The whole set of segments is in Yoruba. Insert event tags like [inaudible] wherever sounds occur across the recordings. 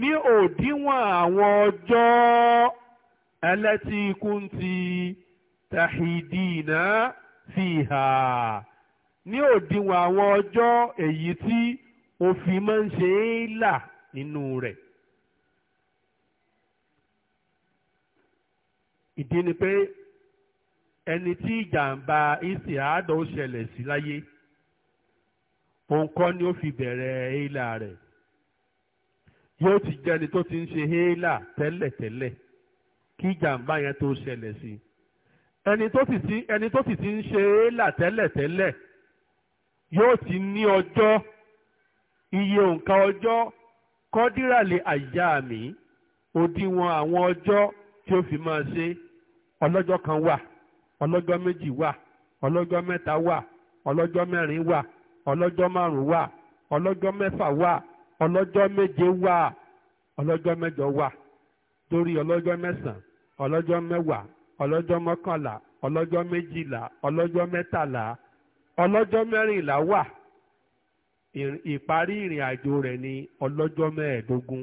ní òdiwọ̀n àwọn ọjọ́ ẹlẹ́tí kúntì tàhídìínà fìhà ní òdiwọ̀n àwọn ọjọ́ èyí tí òfin máa ń ṣe é là nínú rẹ̀. ìdí ni pé ẹni tí ìjàmbá ìsìádọ́ ṣẹlẹ̀ sí láyé òun ni ó fi bẹ̀rẹ̀ ìlà rẹ̀ yóò ti jẹ́ ẹni tó ti ń ṣe héélà tẹ́lẹ̀tẹ́lẹ̀ kí jàǹbá yẹn tó ṣẹlẹ̀ sí i ẹni tó sì ti ń ṣe héélà tẹ́lẹ̀tẹ́lẹ̀ yóò ti ní ọjọ́ iye òǹkà ọjọ́ kọ́díràlẹ̀ àyà mi òdiwọ̀n àwọn ọjọ́ tí ó fi máa ṣe ọlọ́jọ́ kan wà ọlọ́jọ́ méjì wà ọlọ́jọ́ mẹ́ta wà ọlọ́jọ́ mẹ́rin wà ọlọ́jọ́ márùn-ún wà ọlọ́jọ́ mẹ́fà wà ọlọ́jọ́ méje wà ọlọ́jọ́ mẹ́jọ wà torí ọlọ́jọ́ mẹ́sàn-án ọlọ́jọ́ mẹ́wàá ọlọ́jọ́ mọ́kànlá ọlọ́jọ́ méjìlá ọlọ́jọ́ mẹ́tàlá ọlọ́jọ́ mẹ́rìnlá wà ìparí ìrìn àjò rẹ̀ ní ọlọ́jọ́ mẹ́ẹ̀ẹ́dógún.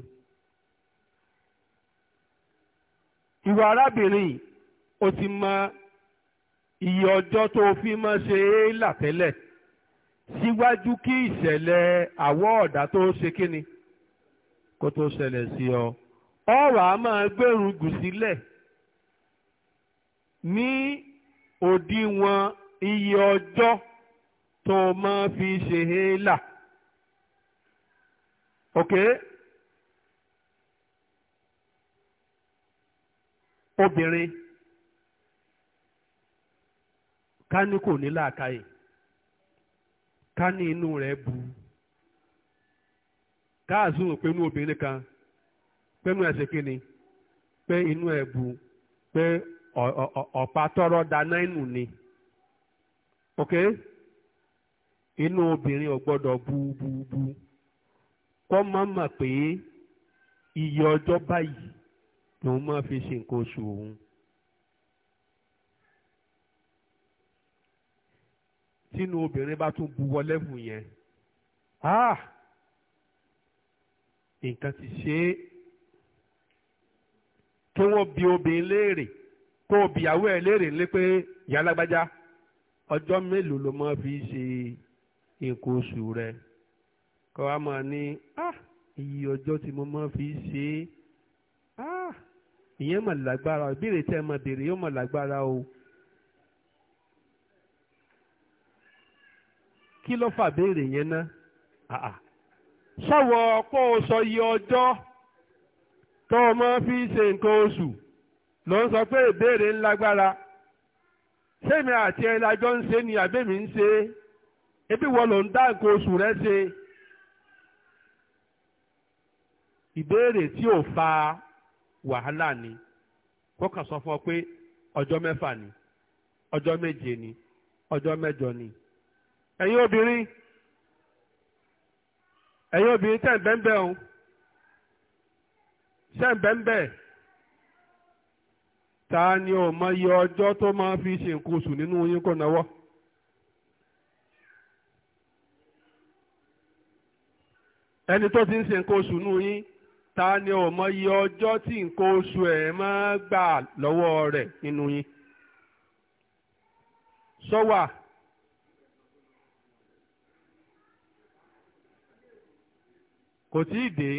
ìwà arábìnrin o ti mọ iye ọjọ́ tó o fi máa ṣe é là tẹ́lẹ̀ síwájú kí ìṣẹ̀lẹ̀ àwọ̀ tó ṣe kíni kó tó ṣẹlẹ̀ sí ọ ọ̀rọ̀ a máa gbẹ̀rùngù sílẹ̀ ní òdiwọ̀n iye ọjọ́ tó máa fi ṣe é là ok obìnrin ká ní kò ní làákàyè ta ní inú rẹ̀ bu gáàsù rò pé inú obìnrin kan pé inú ẹ̀sìn kìíní pé inú ẹ̀ bu pé ọ̀pá tọrọ dáná inú ni ok inú obìnrin ò gbọ́dọ̀ bu bu bu kọ́ máa mọ̀ pé iye ọjọ́ báyìí lòun máa fi ṣe nǹkan oṣù òun. tínú obìnrin bá tún bu wọlé fún yẹn ah nǹkan ti ṣe é kí wọ́n bi obìnrin léèrè kó o bìyàwó ẹ̀ léèrè ńlé pé ìyá alágbájá ọjọ́ mélòó ló máa fi ṣe nǹkan oṣù rẹ̀ kọ́ wa máa ní ah iye ọjọ́ tí mo máa fi ṣe é ah ìyẹn mà lágbára ìbéèrè tẹ́ ẹ máa béèrè yóò mà lágbára o. kí ló fà béèrè yẹn ná ṣàwọ̀ ọ̀pọ̀ sọ iye ọjọ́ tó o máa fi ṣe nǹkan oṣù ló ń sọ pé ìbéèrè ńlágbára sẹ́mi àti ẹ̀ lájọ́ ń ṣe ni àbẹ́mi ń ṣe ebi wọ́n ló ń dá nǹkan oṣù rẹ ṣe ìbéèrè tí ò fa wàhálà ni kọ́kàn sọ fún ọ pé ọjọ́ mẹ́fà ni ọjọ́ méje ni ọjọ́ mẹ́jọ ni ẹ̀yin obìnrin ẹ̀yin obìnrin tẹ̀ ń bẹ́ńbẹ́ o ṣẹ̀ ń bẹ́ńbẹ́ ta ni ò mọ iye ọjọ́ tó máa fi ṣe nǹkan oṣù nínú yín kò náwó. ẹni tó ti ń ṣe nǹkan oṣù nínú yín ta ni ò mọ iye ọjọ́ tí nǹkan oṣù ẹ̀ máa gbà lọ́wọ́ rẹ̀ nínú yín. sọ́wà. So, kò tí ì dé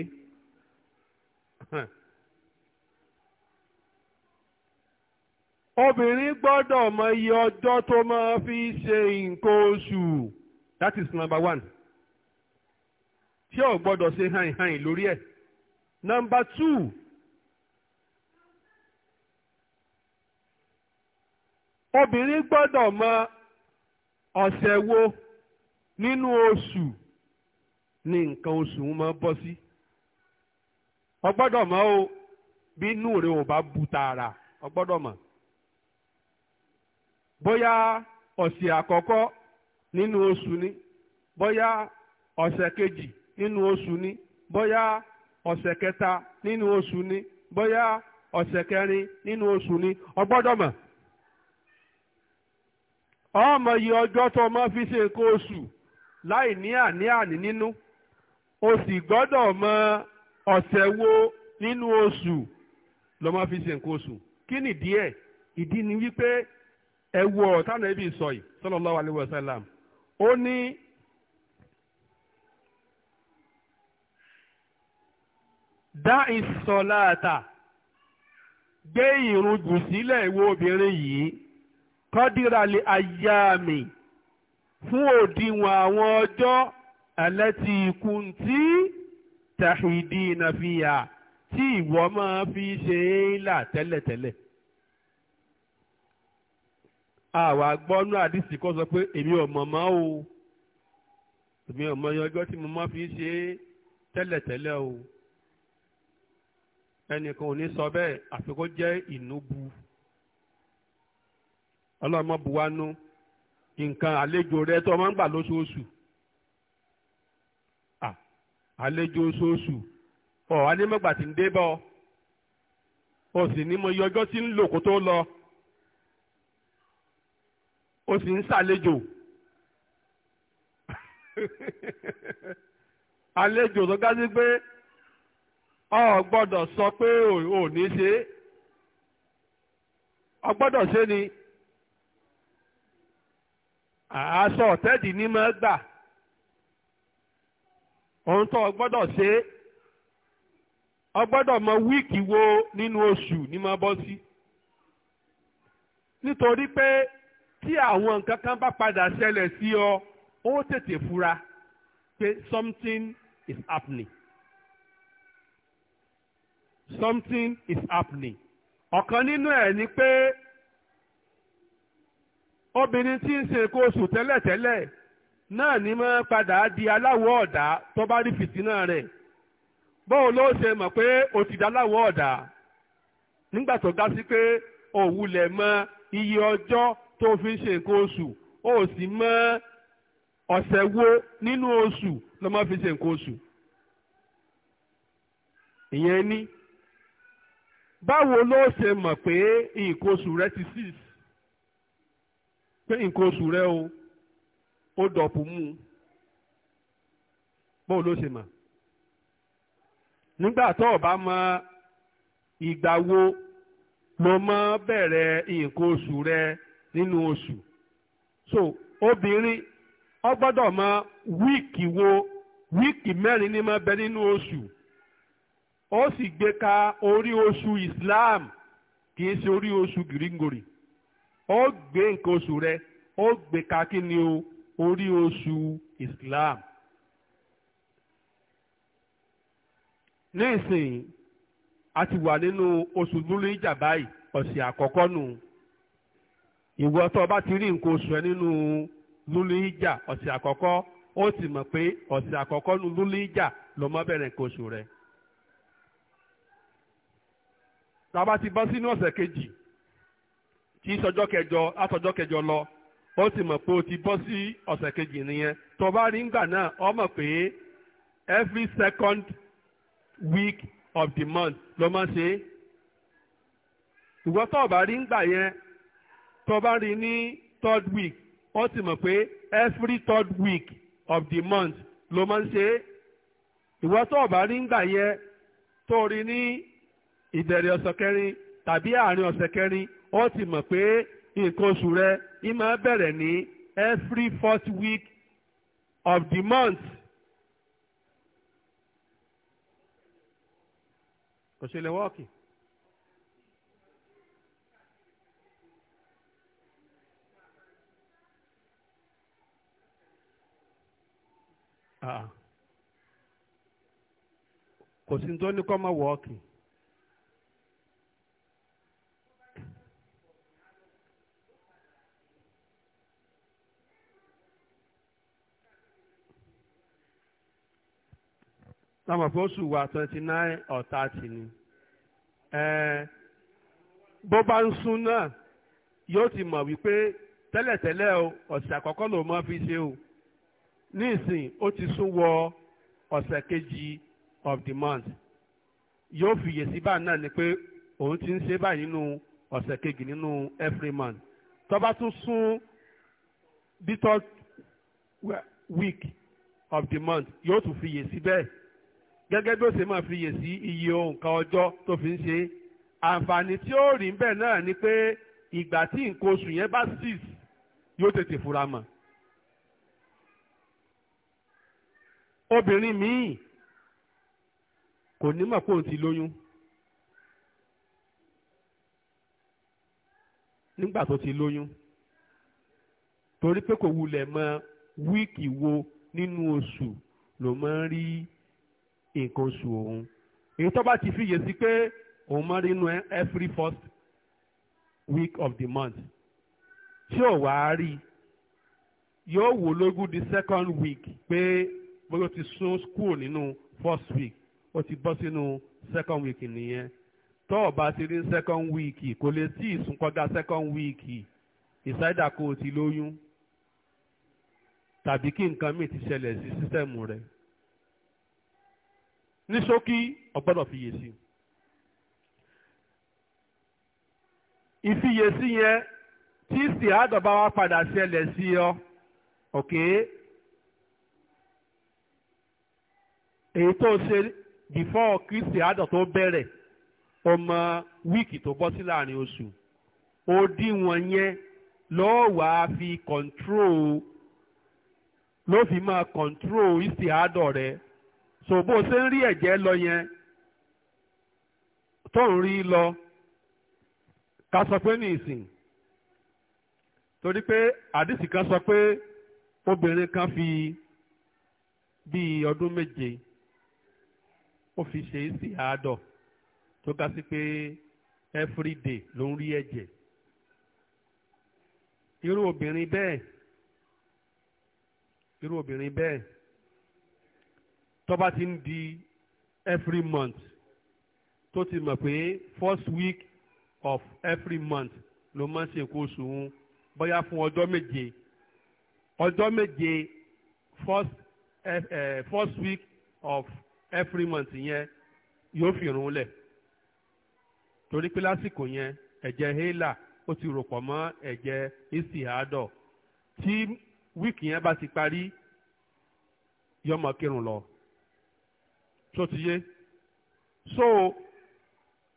obìnrin gbọ́dọ̀ mọ iye ọjọ́ tó máa fi ṣe nǹkan oṣù that is number one tí ò gbọ́dọ̀ ṣe hàìhàì lórí ẹ̀ number two obìnrin gbọ́dọ̀ mọ ọ̀sẹ̀ wo nínú oṣù ní nǹkan oṣù máa bọ́ sí o gbọ́dọ̀ o bí inú rẹ ò bá bu tààrà o bóyá ọ̀sẹ̀ àkọ́kọ́ nínú oṣù ni bóyá ọ̀sẹ̀ kejì nínú oṣù ni bóyá ọ̀sẹ̀ kẹta nínú oṣù ni bóyá ọ̀sẹ̀ kẹrin nínú oṣù ni ọmọ yìí ọjọ́ fi ṣe nǹkan oṣù láì ní àní o sì gbọ́dọ̀ mọ ọ̀sẹ̀ wo nínú oṣù ló máa fi ṣe nǹkan oṣù kí ni díẹ̀ ìdí ni wípé ẹ wo ọ̀tá nàbí sọ yìí sallallahu alaihi wasallam ó ní. dá ìsọ̀láàtà gbé ìrun jù sílẹ̀ ìwọ obìnrin yìí kọ́díralẹ̀ ayáàmì fún òdiwọ̀n àwọn ọjọ́ التي كنت تحيدين فيها tí ìwọ máa fi ṣe é là tẹ́lẹ̀tẹ́lẹ̀. àwa gbọ́nú àdìsí kọ́ sọ pé èmi ò mọ̀ mọ́ o èmi ò mọ ọjọ́ tí mo máa fi ṣe é tẹ́lẹ̀tẹ́lẹ̀ o ẹnìkan ò ní sọ bẹ́ẹ̀ àfi kó jẹ́ ìnúbu ọlọ́mọ nǹkan àlejò rẹ tó máa ń gbà lóṣooṣù. àlejò oṣooṣù ọ anímọ̀gbà tí ń dé ọ sì ní mo yọ ọjọ́ tí ń lò kó tó lọ ó sì ń ṣàlejò [laughs] àlejò tó gá pé ọ gbọdọ sọ pé ò ní ṣe é ọ gbọdọ ṣe ni àásọ ọ̀tẹ́ẹ̀dì ní máa gbà. ohun tó o gbọ́dọ̀ ṣe o gbọ́dọ̀ mọ wíìkì wo nínú oṣù ni máa bọ́ sí nítorí pé tí àwọn nǹkan kan bá padà ṣẹlẹ̀ sí ọ ó tètè fura pé something is happening something is happening ọ̀kan nínú ẹ̀ ni pé obìnrin tí ń ṣe kóṣù tẹ́lẹ̀tẹ́lẹ̀ náà ní padà di aláwọ̀ ọ̀dà tó bá rí fìtínà rẹ̀ bóun ló ṣe mọ̀ pé o ti di aláwọ̀ ọ̀dà nígbà tó ga sí pé mọ iye ọjọ́ tó fi ń ṣe nǹkan oṣù sì mọ ọ̀sẹ̀ wo nínú oṣù ló fi ṣe nǹkan ni báwo ló ṣe mọ̀ pé nǹkan oṣù rẹ ti six rẹ o. ó dọ̀pù mú bóun ló ṣe mọ̀ nígbà tó o bá mọ ìgbà wo mọ bẹ̀rẹ̀ nǹkan oṣù rẹ nínú oṣù so obìnrin ọ gbọ́dọ̀ mọ wíìkì wo wíìkì mẹ́rin ní mọ bẹ nínú oṣù ó sì gbé ka orí oṣù Islam kì í ṣe orí oṣù gíríngorì ó gbé nǹkan rẹ ó gbé ka kí o orí oṣù Islam nísìnyí a ti wà nínú oṣù lórí jàbáyì ọ̀sẹ̀ àkọ́kọ́ nù ìwọ tó o bá ti rí nǹkan oṣù ẹ nínú lórí ìjà ọ̀sẹ̀ àkọ́kọ́ ó ti mọ̀ pé ọ̀sẹ̀ àkọ́kọ́ rẹ̀ tá kejì tí sọjọ́ kẹjọ látọjọ́ lọ ó sì mọ̀ pé o ti bọ́ sí ọ̀sẹ̀ kejì nìyẹn tó bá rí ngbà náà ọ mọ̀ pé every second week of the month ló máa ṣe é ìwọ tó bá rí ngbà yẹn tó bá rí ní third week ó sì mọ̀ pé every third week of the month ló máa ń ṣe é ìwọ tó bá rí ngbà yẹn tó rí ní ìbẹ̀rẹ̀ ọ̀sẹ̀ kẹrin tàbí àárín ọ̀sẹ̀ kẹrin ó sì mọ̀ pé nǹkan oṣù rẹ ní máa bẹ̀rẹ̀ ní every fourth week of the month. kò ṣe lè wọ́ọ̀kì. Ah. kò sí ní tó ní kọ́ mọ́ wọ́ọ̀kì. sàmọ̀fóṣù wa twenty nine or thirty ni bó bá ń sún náà yóò ti mọ̀ wípé tẹ́lẹ̀tẹ́lẹ̀ o ọ̀sẹ̀ àkọ́kọ́ ló máa fi ṣe o ní ìsìn ó ti sún wọ ọ̀sẹ̀ kejì of the month yóò fìyè sí báà náà ni pé òun ti ń ṣe báyìí nínú ọ̀sẹ̀ kejì nínú every month tó bá tún sún the week of the month yóò tún fìyè sí bẹ́ẹ̀ gẹ́gẹ́ bí ó ṣe máa fiyè sí iye nǹkan ọjọ́ tó fi ń ṣe é àǹfààní tí ó rí bẹ́ẹ̀ náà ni pé ìgbà tí nǹkan oṣù yẹn bá six yóò tètè fura mọ̀. obìnrin míì kò ní mọ̀ pé òun ti lóyún nígbà tó ti lóyún torí pé kò wulẹ̀ mọ wíìkì wo nínú oṣù ló máa ń rí nǹkan oṣù òun èyí tó bá ti fiyè sí pé òun máa rí inú every first week of the month tí ò wá rí yóò wò lógún di second week pé bóyá ó ti sún kúrò nínú first week ó ti bọ́ sínú second week nìyẹn tó o bá ti rí second week kò lè tí ì sún kọjá second week ìsáyédà kò ti lóyún tàbí kí nǹkan míì ti ṣẹlẹ̀ sí sísẹ̀mù rẹ̀ ní ṣókí ọgbọ́dọ̀ fiyèsí ìfiyèsí yẹn tí sì àádọ́bá wa padà ṣẹlẹ̀ sí ọ òkè èyí tó ṣe before kristi àádọ́ tó bẹ̀rẹ̀ ọmọ wíìkì tó bọ́ sí láàrin oṣù òdiwọ̀n yẹn lọ́ọ́ wàá fi control ló fi máa control ìsì àádọ́ rẹ̀ so bó o ṣe ń rí ẹ̀jẹ̀ lọ yẹn tó ń rí lọ ká sọ pé ní ìsìn torí pé àdìsí kan sọ pé obìnrin kan fi bíi ọdún méje ó fi ṣe é sí àádọ́ tó ga sí pé everyday ló ń rí ẹ̀jẹ̀ irú obìnrin bẹ́ẹ̀ irú obìnrin bẹ́ẹ̀ tó ti ń di every month tó ti mọ̀ pé first week of every month ló máa ń ṣe nǹkan oṣù òun bóyá fún ọjọ́ méje ọjọ́ méje first uh, first week of every month yẹn yóò fi irun lẹ̀ torí pé lásìkò yẹn ẹ̀jẹ̀ hélà ó ti rò pọ̀ mọ́ ẹ̀jẹ̀ ìsìhádọ̀ tí wíìkì yẹn bá ti parí yọmọ kírun lọ tó ti yé so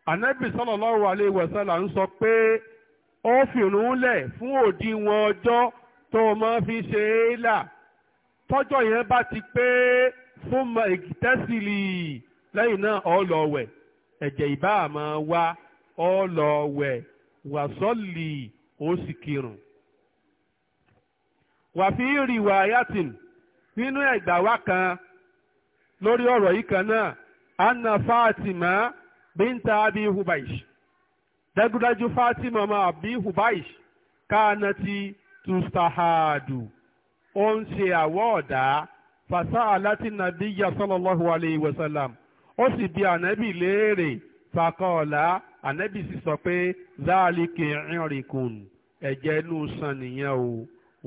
anabi sallallahu alayhi wa sallam ń sọ pé ó fìrún lẹ̀ fún òdiwọ̀n ọjọ́ tó o máa fi ṣe é là tọ́jọ́ yẹn bá ti pé fún ìtẹ́sílì lẹ́yìn náà ọ lọ wẹ̀ ẹ̀jẹ̀ ìbá máa wá ọ lọ wẹ̀ wàsọ́ọ̀lì ó sì kírun. wàfíì rìwà nínú ẹ̀gbà wa kan. lórí ọ̀rọ̀ yìí kan náà anna fatima binta abi hubaish dagudaju fatima ma abi hubaish kaana ti tustahadu ó ń ṣe àwọ̀ ọ̀dà fasa alati nabiya sallallahu alayhi wa sallam ó sì bi ànábì léèrè fakọọ̀la ànábì sì sọ pé záàlìkì ìrìnkùn ẹ̀jẹ̀ inú san nìyẹn o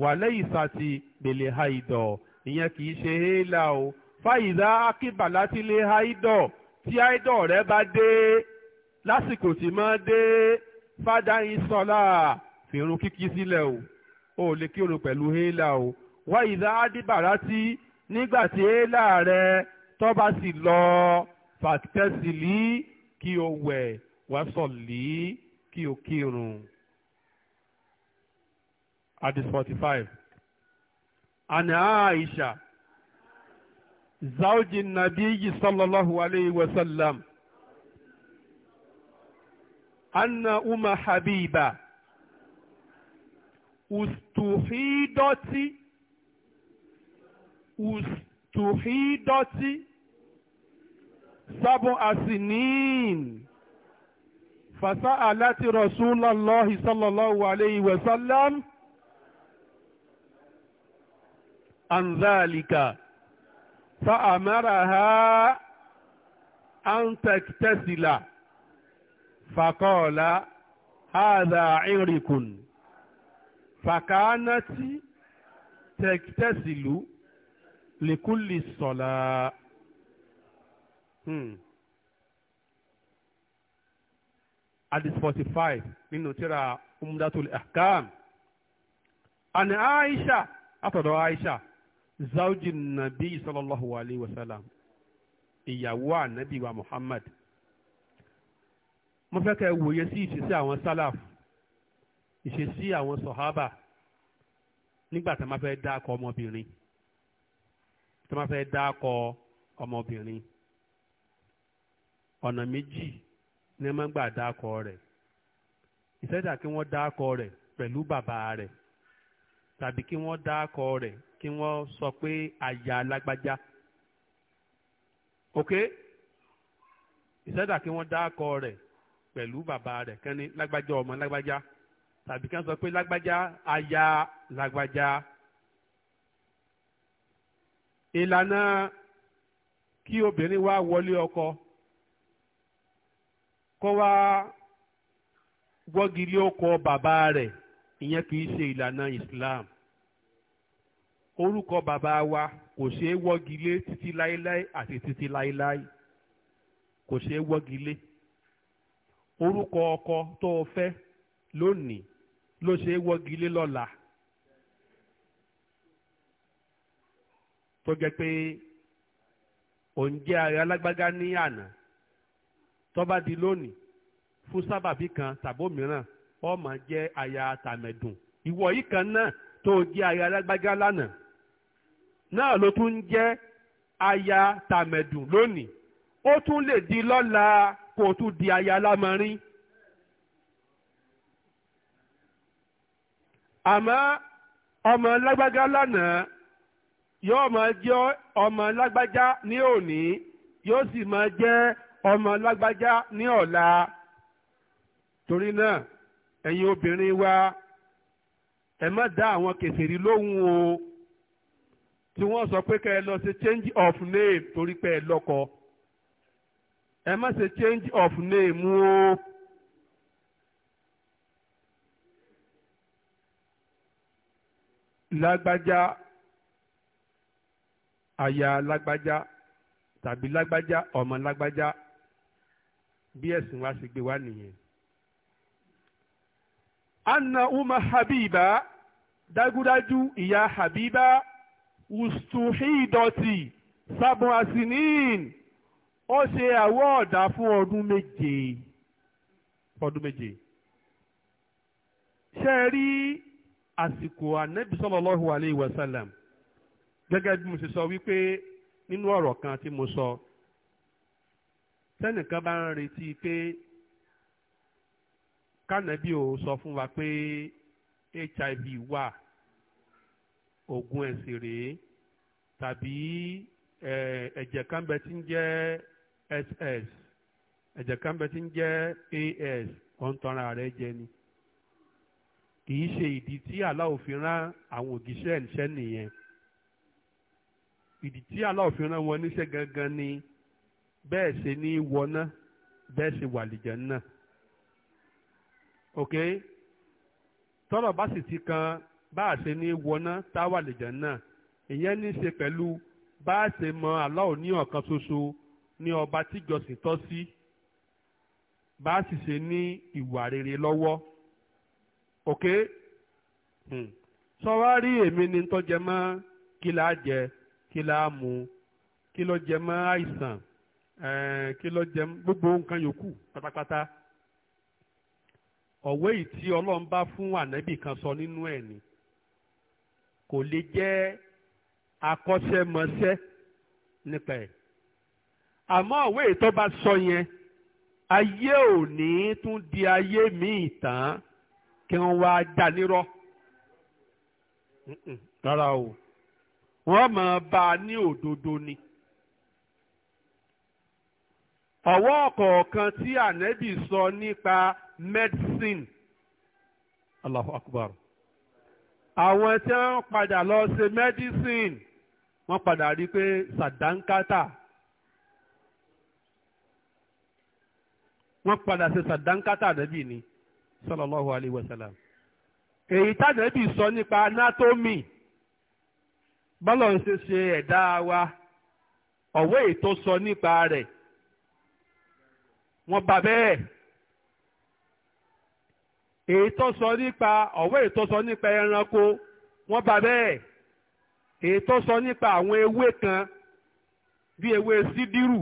wàlẹ́ ìsàtì bèlè haidọ̀ ìyẹn kì í ṣe hélà o fàyídà akíbalá ti lé haidọ̀ tí haidọ̀ rẹ bá dé lásìkò tí máa dé fádà ìsọlá fìrun kíkí sílẹ̀ o ò lè kírun pẹ̀lú hélà o wáyídà adébàrá tí nígbà tí hélà rẹ tó bá sì lọ fàtẹ́sílì kí o wẹ̀ wá kí o kírun. Hadith 45. Àná Aisha zawji nabiyyi sallallahu alayhi wa sallam anna umma habiba ustuhidoti ustuhidoti sabu asinin فسألت رسول الله صلى الله عليه وسلم عن ذلك فأمرها أن تكتسل فقال هذا عرق فكانت تكتسل لكل الصلاة hmm. Hadis 45 nínú tírà Umdatul Ahkam. Àni Aisha, àtọ̀dọ̀ Aisha, zawji nabi sallallahu alayhi wa sallam ìyàwó ànábì wa muhammad mo fẹ́ kẹ́ wòye sí ìṣesí àwọn sálàf ìṣesí àwọn sọ̀hábà nígbà tá a máa fẹ́ dákọ̀ ọmọbìnrin tá a máa fẹ́ dákọ̀ ọmọbìnrin ọ̀nà méjì ni wọ́n máa ń gbà dákọ̀ rẹ̀ ìṣẹ́jà kí wọ́n dákọ̀ rẹ̀ pẹ̀lú bàbá rẹ̀ tàbí kí wọ́n dákọ̀ rẹ̀ kí wọ́n sọ pé àyà alágbájá ok ìṣẹ́dà kí wọ́n dá akọ rẹ̀ pẹ̀lú bàbá rẹ̀ kán ní lágbájá ọmọ lágbájá tàbí kán sọ pé lágbájá aya lágbájá ìlànà kí obìnrin wá wọlé ọkọ kó wá wọ́gilé ọkọ bàbá rẹ̀ ìyẹn kì í ṣe ìlànà Islam orúkọ bàbá wa kò ṣeé wọ́gi lé títí láéláé àti títí láéláé kò ṣeé wọ́gi lé orúkọ ọkọ tó o fẹ́ lónìí ló ṣeé wọ́gi lé lọ́la tó jẹ́ pé òun jẹ́ ara alágbága ní àná tó bá di lónìí fún sábàbí kan tàbómìíràn ó máa jẹ́ aya tàmẹ̀dùn ìwọ yìí kan náà tó jẹ́ aya alágbága lánàá náà ló tún ń jẹ́ aya tàmẹ̀dùn lónìí ó tún lè di lọ́la kó o tún di aya lámọrin. àmọ́ ọmọ lágbájá lánàá yóò máa jẹ́ ọmọ lágbájá ní òní yóò sì máa jẹ́ ọmọ lágbájá ní ọ̀la torí náà ẹ̀yin obìnrin wa ẹ má dá àwọn kèfèrí lóhùn o tí wọ́n sọ pé kẹ́ ẹ lọ ṣe change of name torí pé ẹ lọ́kọ ẹ má ṣe change of name o. lágbájá aya lágbájá tàbí lágbájá ọmọ lágbájá bí ẹ̀sìn wa ṣe gbé wá nìyẹn. anna umma habiba dájúdájú ìyá habiba ustuhidọ̀tì sabun asinin ó ṣe àwọ̀ọ̀dà fún ọdún méje ọdún méje ṣe rí àsìkò ànábì sallallahu alayhi wa sallam gẹ́gẹ́ bí mo ṣe sọ wípé nínú ọ̀rọ̀ kan tí mo sọ tẹ́nìkan bá ń retí pé kánàbí ò sọ fún wa pé hiv wà. ogun ẹ̀sìn rèé tàbí ti nje tí ń ss ẹ̀jẹ̀ ti nje tí ń jẹ́ as ọ̀ǹtọ́ra rẹ̀ jẹ ni kì í ṣe ìdí tí Allah fi rán àwọn ògìṣẹ́ ìṣẹ́ nìyẹn ìdí tí Allah fi rán wọn níṣẹ́ gangan ni bẹ́ẹ̀ ṣe ní wọná bẹ́ẹ̀ ṣe wà lìjẹ́ náà ok tọ́rọ̀ bá sì ti kan bá a ṣe ní wọná táwa lè jẹ́ náà ìyẹn ní í ṣe pẹ̀lú bá a ṣe mọ Allah ní ọ̀kan ṣoṣo ní ọba tíjọsìn tọ́ sí bá a sì ṣe ní ìwà rere lọ́wọ́ ok hmm. sọ wá rí èmi ní tọ́jẹ mọ́ kí la jẹ kí la mu kí ló jẹ mọ́ àìsàn eh, kí ló jẹ gbogbo nǹkan yòókù pátápátá ọ̀wé yìí tí ọlọ́run bá fún ànábì kan sọ nínú ẹ̀ ni kò lè jẹ́ akọ́ṣẹ́mọṣẹ́ nípa ẹ̀ àmọ́ òwe ìtọ́ bá sọ yẹn ayé òní tún di ayé míì tán kí wọ́n wá dá nírọ́ rárá o wọ́n máa bá a ní òdodo ni. ọ̀wọ́ kọ̀ọ̀kan tí ànẹ́bì sọ nípa medicine Allahu Akbar àwọn tí wọ́n padà lọ ṣe medicine wọ́n padà rí i pé sàdánkátà wọ́n padà ṣe sàdánkátà nàbì ni sallallahu alayhi wa sallam èyí tànàbì sọ nípa anatomy bọ́lọ̀ ń ṣe ṣe ẹ̀dá wa ọ̀wé ètò sọ nípa rẹ̀ wọ́n bá bẹ́ẹ̀ èyí tó sọ nípa ọ̀wọ́ èyí tó sọ nípa ẹranko wọ́n bá bẹ́ẹ̀ èyí tó sọ nípa àwọn ewé kan bí ewé sídírù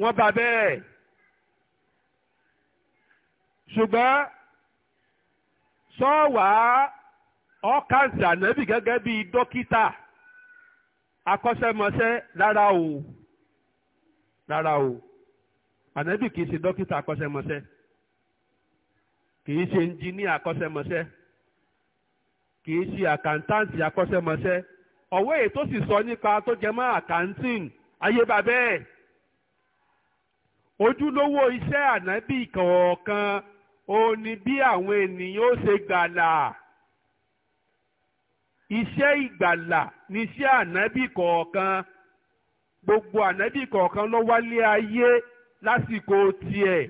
wọ́n bá bẹ́ẹ̀ ṣùgbọ́n sọ́wàá ọ̀kàǹsì ànábì gẹ́gẹ́ bí dókítà akọ́ṣẹ́mọṣẹ́ rárá o rárá o ànábì kì í ṣe dókítà akọ́ṣẹ́mọṣẹ́. kìí ṣe ẹnjìníà akọ́ṣẹ́mọṣẹ́ kìí ṣe àkàǹtáǹtì akọ́ṣẹ́mọṣẹ́ ọ̀wọ́ èyí tó sì sọ nípa tó jẹ mọ́ àkàǹtìn ayébàbẹ́ ẹ̀ ojúlówó iṣẹ́ ànábì kọ̀ọ̀kan ó ní bí àwọn ènìyàn ó ṣe gbàlà iṣẹ́ ìgbàlà ní iṣẹ́ ànábì kọ̀ọ̀kan gbogbo ànábì kọ̀ọ̀kan ló wálé ayé lásìkò tiẹ̀.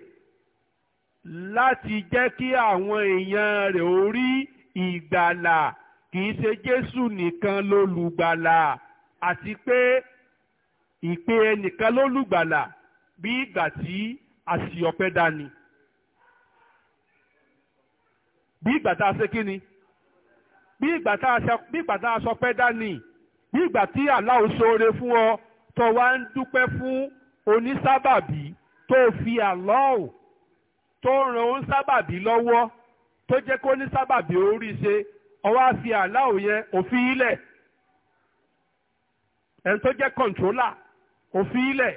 láti jẹ́ kí àwọn èèyàn rẹ̀ ó rí ìgbàlà kì í ṣe Jésù nìkan lólùgbàlà àti pé ìpè ẹnìkan lólùgbàlà bí ìgbà tí àṣì ọ̀pẹ dání bí ìgbà tá a ṣe kí ni bí ìgbà tá a sọ pé dání bí ìgbà tí aláwo ṣoore fún ọ tó wá ń dúpẹ́ fún onísábàbí tó fi àlọ́ọ̀ tó ń ran sábàbí lọ́wọ́ tó jẹ́ kó ní sábàbí orí ṣe ọwọ́ á fi àláò yẹn òfin ilẹ̀ ẹni tó jẹ́ kọ̀ǹtrólà òfin ilẹ̀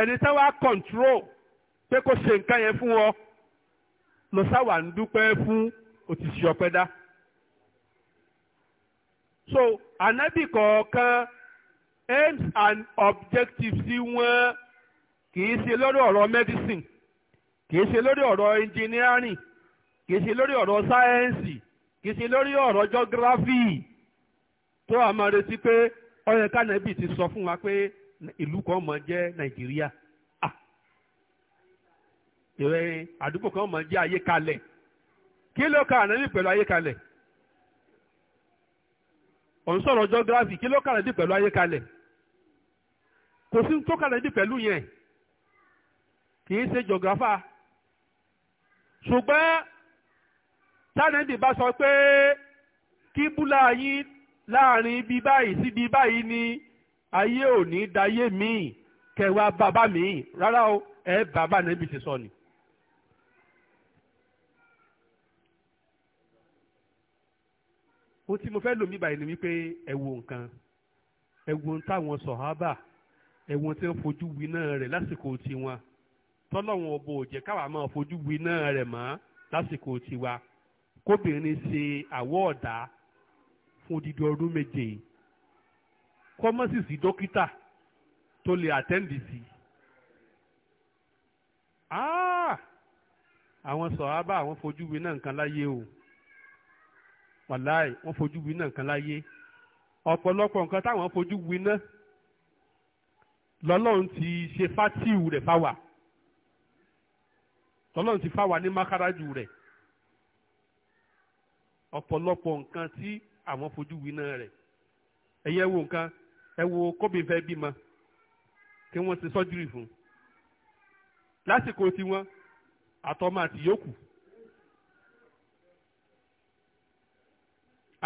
ẹni tó wá kọ̀ǹtró pé kó ṣe nǹkan yẹn fún ọ lọ sáwà ń dúpẹ́ fún òtítì ọpẹ́ dá. so anabi kọ̀ọ̀kan aims and objectives wọn kì í ṣe lọ́dọ̀ ọ̀rọ̀ medicine kìí ṣe lórí ọ̀rọ̀ engineering kìí ṣe lórí ọ̀rọ̀ sáyẹ́ǹsì kìí ṣe lórí ọ̀rọ̀ geography tó a máa retí pé ọyẹ ti sọ fún wa pé ìlú kan mọ̀ jẹ́ nàìjíríà ìrẹ́ àdúgbò kan mọ̀ jẹ́ ayékalẹ̀ ka ànábì pẹ̀lú ayékalẹ̀ òun sọ̀rọ̀ geography kí ló ka ànábì pẹ̀lú ayékalẹ̀ kò sí tó ka ànábì pẹ̀lú yẹn kì í ṣùgbọ́n tánẹ́bì bá sọ pé kíbúlà yín láàrin ibi báyìí síbi báyìí ni ayé ò ní dayé míì kẹwàá bàbá míì rárá o ẹ bàbá nẹ́bì ti sọ ni. ohun tí mo fẹ́ lò mí báyìí ni wípé ẹ nǹkan ẹ táwọn sọ̀hábà ẹ tí wọ́n fojú winá rẹ̀ lásìkò tiwọn tọ́lọ́run ọ̀bọ òjẹ́ káwa máa fojú wi náà rẹ̀ mọ́ lásìkò tiwa kóbìnrin ṣe àwọ̀ ọ̀dà fún odidi ọdún méje kọ́mọ́sìsì dókítà tó lè àtẹ́ǹdì sí i. Ah! àwọn sọ̀hábà àwọn fojú wi náà nǹkan láyé o wàláì wọ́n fojú wi náà nǹkan láyé ọ̀pọ̀lọpọ̀ nǹkan táwọn fojú wi náà lọ́lọ́run ti ṣe fátíù rẹ̀ fáwà tọ́lọ́run ti fáwa ní mákàrájù rẹ̀ ọ̀pọ̀lọpọ̀ nǹkan tí àwọn fojú winá rẹ̀ ẹ̀yẹ wo nǹkan ẹ wo kóbìn fẹ́ bímọ kí wọ́n ṣe sọ́júrì fún lásìkò tiwọn àtọmọ àti yòókù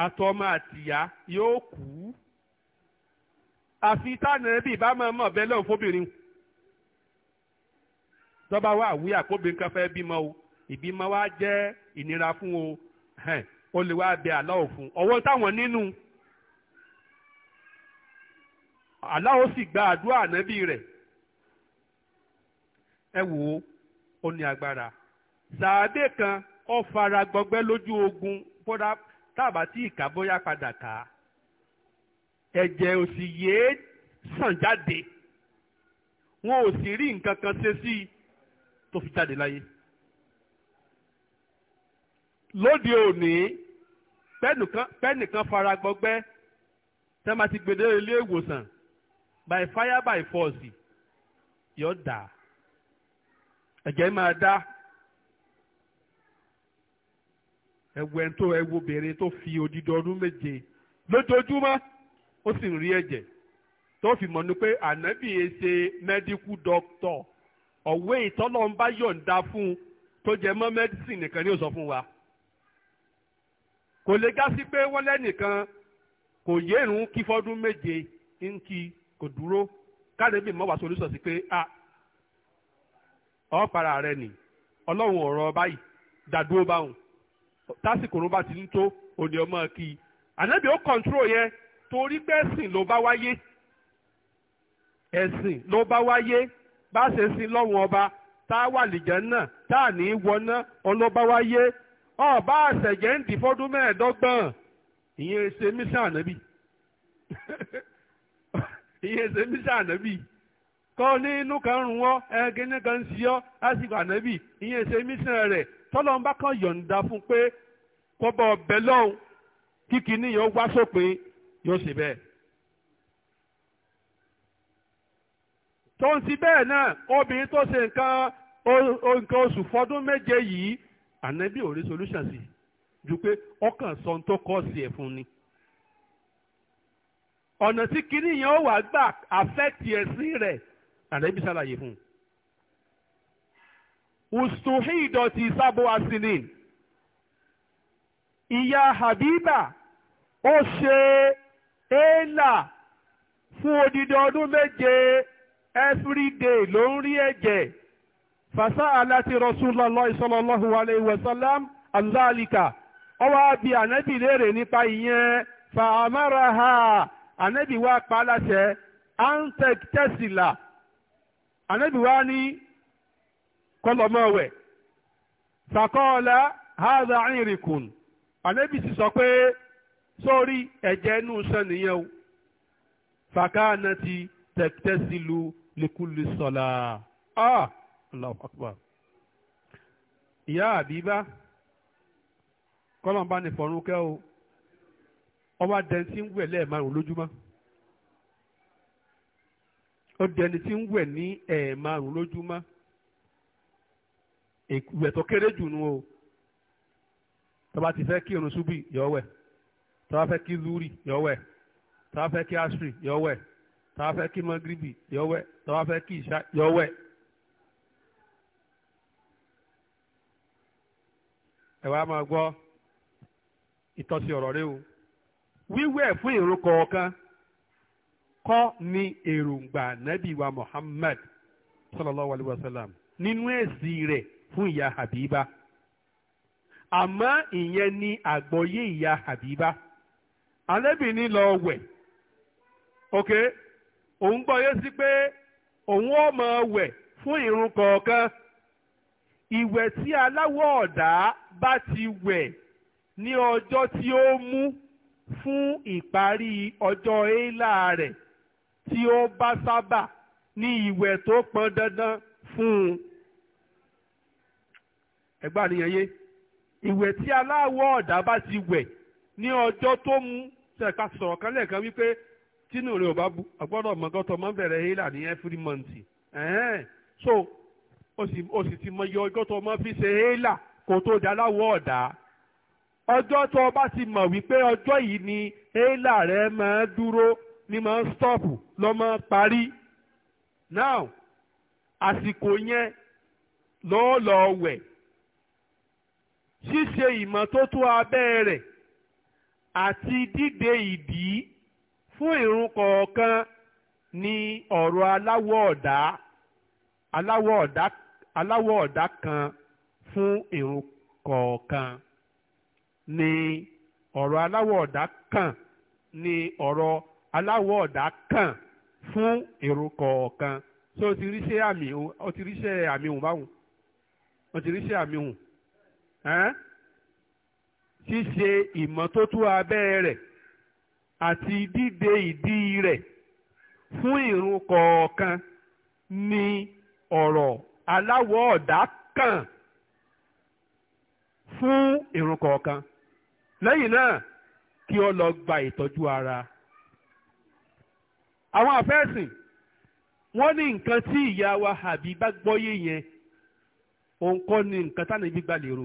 àtọmọ àtìyá yóò kú àfi tánà bíi bá máa mọ̀ bẹ́ẹ̀ lọ́n fóbìnrin tọ́ba wa àwí àkóbìnrin kan fẹ́ bímọ o ìbímọ wa jẹ́ ìnira fún o o lè wá bẹ àlọ́ òfun ọwọ́ táwọn nínú àlọ́ ó sì gba àdúrà ànábì rẹ̀ ẹ wò ó ó ní agbára sàádé kan ó fara gbọgbẹ́ lójú ogun bóra tábà tí ìka bóyá padà kà ẹ̀jẹ̀ ò yéé sàn jáde wọn ò sì rí nǹkan kan ṣe sí i tó fi jáde láyé lóde òní pẹ́ẹ́nìkan fara gbọgbẹ́ tẹ́ máa ti gbèdé ilé ìwòsàn by fire by force yóò dà ẹ̀jẹ̀ máa dá ẹ̀wù ẹ̀ńtó ẹ̀wù obìnrin tó fi odidi ọdún méje lójoojúmọ́ ó sì ń rí ẹ̀jẹ̀ tó fi mọ̀ ní pé ànábìyẹ ṣe medical doctor ọ̀wé ìtọ́lọ́run bá yọ̀ǹda fún un tó jẹ mọ́ mẹ́dísìn nìkan ni ó sọ fún wa kò lè já sí pé wọ́n lẹ́nìkan kò yéèrún kí fọ́dún méje ń kí kò dúró káde bí mọ́wàá solúsọ̀ sí pé a ah, ọ̀pára rẹ nì ọlọ́run ọ̀rọ̀ báyìí dàdúró báwọn tásìkò ló bá ti ń tó òní ọmọ kí i ànábì ó kọ̀ǹtúrò yẹn torí pé ẹ̀sìn ló bá wáyé ẹ̀sìn ló bá wáyé bá ṣe sí lọ́wọ́n ọba tá a wà lìjẹ́ náà tá a ní í wọná ọlọ́ba wáyé ọba àṣẹjẹ́ ń dì fọ́dún mẹ́ẹ̀ẹ́dọ́gbọ̀n ìyẹn ṣe mísà ànábì [laughs] ìyẹn ṣe mísà ànábì kọ́ ní inú kan rùn wọ́n ẹ̀ẹ́gẹ́ kan sí ọ́ lásìkò ànábì ìyẹn ṣe mísà rẹ̀ tọ́lọ́mbà kan yọ̀ǹda fún pé kọ́bọ̀ ọbẹ̀ lọ́hùn kíkiní yóò wá sópin yóò ṣe bẹ́ẹ̀. tó ń ti bẹ́ẹ̀ náà obìnrin tó ṣe nǹkan nǹkan oṣù fọdún méje yìí ànábì ò rí solution sí ju pé ọkàn sọ tó kọ́ sí ẹ̀ fún ni. ọ̀nà tí kinní yẹn ó wà gbà àfẹ́tì ẹ̀sìn rẹ̀ ànábì ṣàlàyé fún un. ustuhi ìdọ̀tí sábò asinin ìyá Habiba ó ṣe éèlà fún odidi ọdún méje. every day ló ń rí ẹ̀jẹ̀ fàṣà aláti Rasulullah sallallahu alayhi wa sallam aláàlìkà ọwọ́ àbí ànábì léèrè nípa ìyẹn fàámàrà ha ànábì wa pa aláṣẹ antec tesla ànábì wa ní kọlọmọwẹ fàkọọlá haza irikun ànábì sì sọ pé sórí ẹ̀jẹ̀ inú sẹ́niyẹn o fàkàánà ti tẹ̀tẹ̀sílu Lekule sọlá ah Allahu akbar ìyá àbíbá kọ́lọ́mbà ní fọ̀rúnkẹ́ o ọba dẹni tí ń wẹ̀ lẹ́ẹ̀márùn lójúmọ́ ó dẹni tí ń wẹ̀ ní ẹ̀ẹ̀márùn lójúmọ́ ìwẹ̀ kéré jù nù o tọ́ba ti fẹ́ kí irun ṣubú yọ̀ọ́wẹ̀ tọ́ba fẹ́ kí zuri yọ̀ọ́wẹ̀ tọ́ba fẹ́ kí asiri yọ̀ọ́wẹ̀ tọ́wọ́ fẹ́ kí mọ́gíríbì yọ wẹ̀ tọ́wọ́ fẹ́ kí ìṣá yọ wẹ̀. ẹ wá máa gbọ́ ìtọ́sí ọ̀rọ̀ ni èròǹgbà nábì wa Muhammad sallallahu alayhi wa sallam nínú èsì rẹ̀ fún ìyá Habiba àmọ́ ìyẹn ni àgbọ́yé ìyá Habiba alẹ́bìnrin lọ wẹ̀ oke. òun gbọ́ yé sí pé òun ó máa wẹ̀ fún ìrun kọ̀ọ̀kan ìwẹ̀ tí aláwọ̀ ọ̀dà bá ti wẹ̀ ní ọjọ́ tí ó mú fún ìparí ọjọ́ éélà rẹ̀ tí ó bá sábà ní ìwẹ̀ tó pọn dandan fún un. ẹ̀gbọ́n àníyàn yé ìwẹ̀ tí aláwọ̀ ọ̀dà bá ti wẹ̀ ní ọjọ́ tó mú sẹ̀ka sọ̀rọ̀ kan lẹ́ẹ̀kan wípé tínú rẹ̀ ò bá bu ọgbọ́dọ̀ mọ̀gọ́tọ̀ máa ń bẹ̀rẹ̀ hílà ní every month ẹ̀ẹ́n so o sì o sì ti mọ iye ọjọ́ tó máa fi ṣe hílà kó tó da láwọ̀ ọ̀dà ọjọ́ tó o ti mọ̀ wípé ọjọ́ yìí ni hílà rẹ̀ máa dúró ni máa ń stop máa parí now àsìkò yẹn lọ́ọ́ lọ́ọ́ wẹ̀ ṣíṣe ìmọ́tótó abẹ́ rẹ̀ àti dídé ìdí fún ìrun kọ̀ọ̀kan ni ọ̀rọ̀ aláwọ̀ ọ̀dá aláwọ̀ ọ̀dá kan fún ìrun kọ̀ọ̀kan ni ọ̀rọ̀ aláwọ̀ ọ̀dá kan ni ọ̀rọ̀ aláwọ̀ fún kọ̀ọ̀kan so o ti àmì o ti àmì o ti àmì àti dídé ìdí rẹ̀ fún ìrun kọ̀ọ̀kan ni ọ̀rọ̀ aláwọ̀ ọ̀dá kàn fún ìrun kọ̀ọ̀kan lẹ́yìn náà kí ọ lọ gba ìtọ́jú ara. àwọn àfẹ́sìn wọ́n ní nǹkan tí ìyá wa àbí bá gbọ́yé yẹn òun kọ́ ni nǹkan tánà ibi gbà lérò.